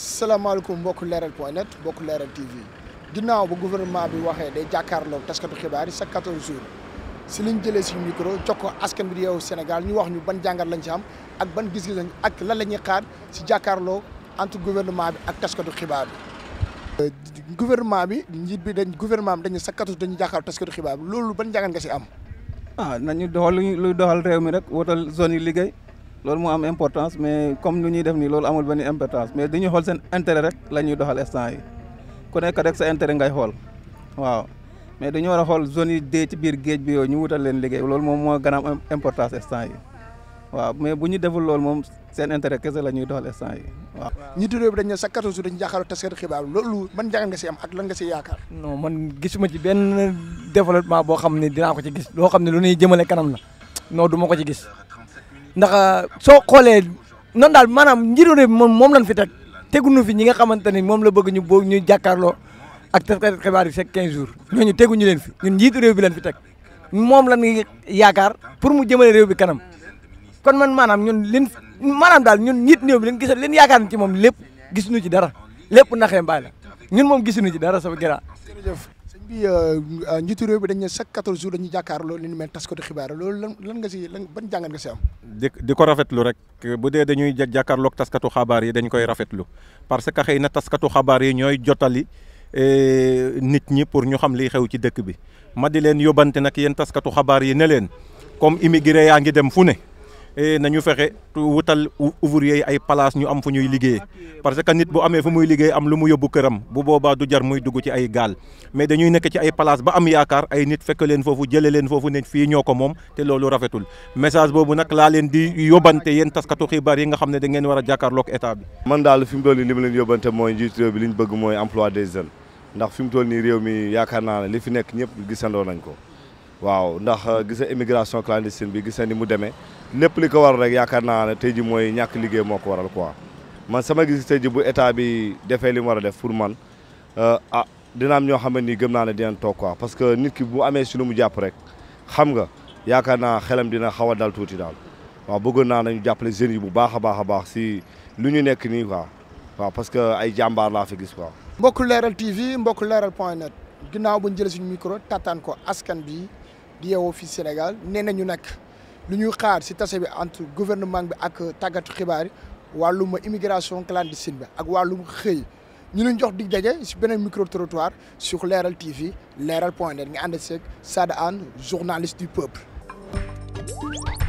salaamaaleykum mbokk leeral point net mbokk leeral TV ginnaaw ba gouvernement bi waxee day jàkkaarloog taskatu xibaar yi chaque quatorze jours si liñ jëlee suñu micro jokkoo askan bi di yeewu Sénégal ñu wax ñu ban jàngat lañ ci am ak ban gis-gis lañ ak lan la ñuy xaar si jàkkaarloo entre gouvernement bi ak taskatu xibaar bi. gouvernement bi njiit bi dañ gouvernement bi dañu chaque dañu jàkkaar jàkkaarloo taskatu xibaar bi loolu ban jàngat nga si am. ah nañu doxal lu doxal réew mi rek wutal zone yi liggéey. loolu moo am importance mais comme lu ñuy def nii loolu amul benn importance mais dañuy xool seen intérêt rek la doxal instant yi ku nekk rek sa intérêt ngay xool waaw mais dañu war a xool zone yi dee ci biir géej bi yooyu ñu wutal leen liggéey loolu moom moo gën a am waaw mais bu ñu deful loolu moom seen intérêt kese la ñuy doxal instant yi waaw. ñitu réew bi dañ ne chaque quatorze jours dañu jàkkaarloo taskat xibaar loolu man jàngat nga si am ak lan nga si yaakaar. non man gisuma ci benn développement boo xam ne dinaa ko ci gis loo xam ne lu ñuy jëmale kanam la non du ma ko ci gis. ndax euh, soo xoolee noonu daal maanaam njiitu réew moom moom lañ fi teg teguñu fi ñi nga xamante ni moom la bëgg ñu boo ñu jàkkaarloo ak taskati xibaar yi chaque 15 jours ñooñu teguñu leen fi ñun njiitu réew bi lañ fi teg moom lañ yaakaar pour mu jëmale réew bi kanam kon man maanaam ñun lin maanaam daal ñun njiit réew bi leen gis leen yaakaar ci moom lépp gisuñu ci dara lépp naxee mbaay la ñun moom gisuñu ci dara sama gëraa bi euh, euh, njiitu réew bi dañ ne chaque quatorze jours dañuy jàkkaarloo li ñu mel taskatu xibaar loolu lan lan nga si lan ban jàngat nga si am. di di ko rafetlu rek bu dee dañuy jàkkaarloog taskatu xabaar yi dañ koy rafetlu parce que xëy na taskatu xabaar yi ñooy jotali euh, nit ñi pour ñu xam liy xew ci dëkk bi ma di leen yóbbante nag yéen taskatu xabaar yi ne leen comme immigré yaa ngi dem fu ne. nañu fexe tu wutal ouvrier yi ay place ñu am fu ñuy liggéey parce que nit bu amee fu muy liggéey am lu mu yóbbu këram bu boobaa du jar muy dugg ci ay gaal mais dañuy nekk ci ay palace ba am yaakaar ay nit fekk leen foofu jëlee leen foofu ne fii ñoo ko moom te loolu rafetul message boobu nag laa leen di yóbbante yéen taskatu xibaar yi nga xam ne da ngeen war a jàkkaarloog état bi. man daal fi mu toll nii leen yóbbante mooy njiit réew bi li bëgg mooy emploi des jeunes ndax fi mu toll nii réew mi yaakaar naa li fi nekk ñëpp gisandoo nañ ko waaw ndax euh, gis na immigration clandestine bi gis na ni mu demee lépp li ko waral rek yaakaar naa ne tey ji mooy ñàkk liggéey moo ko waral quoi man sama gis tey ji bu état bi defee li war a def pour man euh, ah dina am ñoo xam ne nii gëm naa ne dinañ toog quoi parce que nit ki bu amee si lu mu jàpp rek xam nga yaakaar naa xelam dina xaw a dal tuuti daal waaw bëggoon naa nañu jàppale jeunes yi bu baax a baax a baax si lu ñu nekk nii quoi waaw parce que ay jàmbaar laa fi gis quoi. mbokk leeral TV mbokk leeral point net ginnaaw bu ñu jëlee suñu micro tàttaan ko askan bi. di yeewoo fii Sénégal nee nañu nag lu ñuy xaar si tase bi entre gouvernement bi ak tàggatu xibaar yi wàllum immigration clandestine bi ak wàllum xëy ñu leen jox dig daje si beneen micro trottoir sur Leral TV leeral point net nga ànd seeg Sada Anne journaliste du peuple.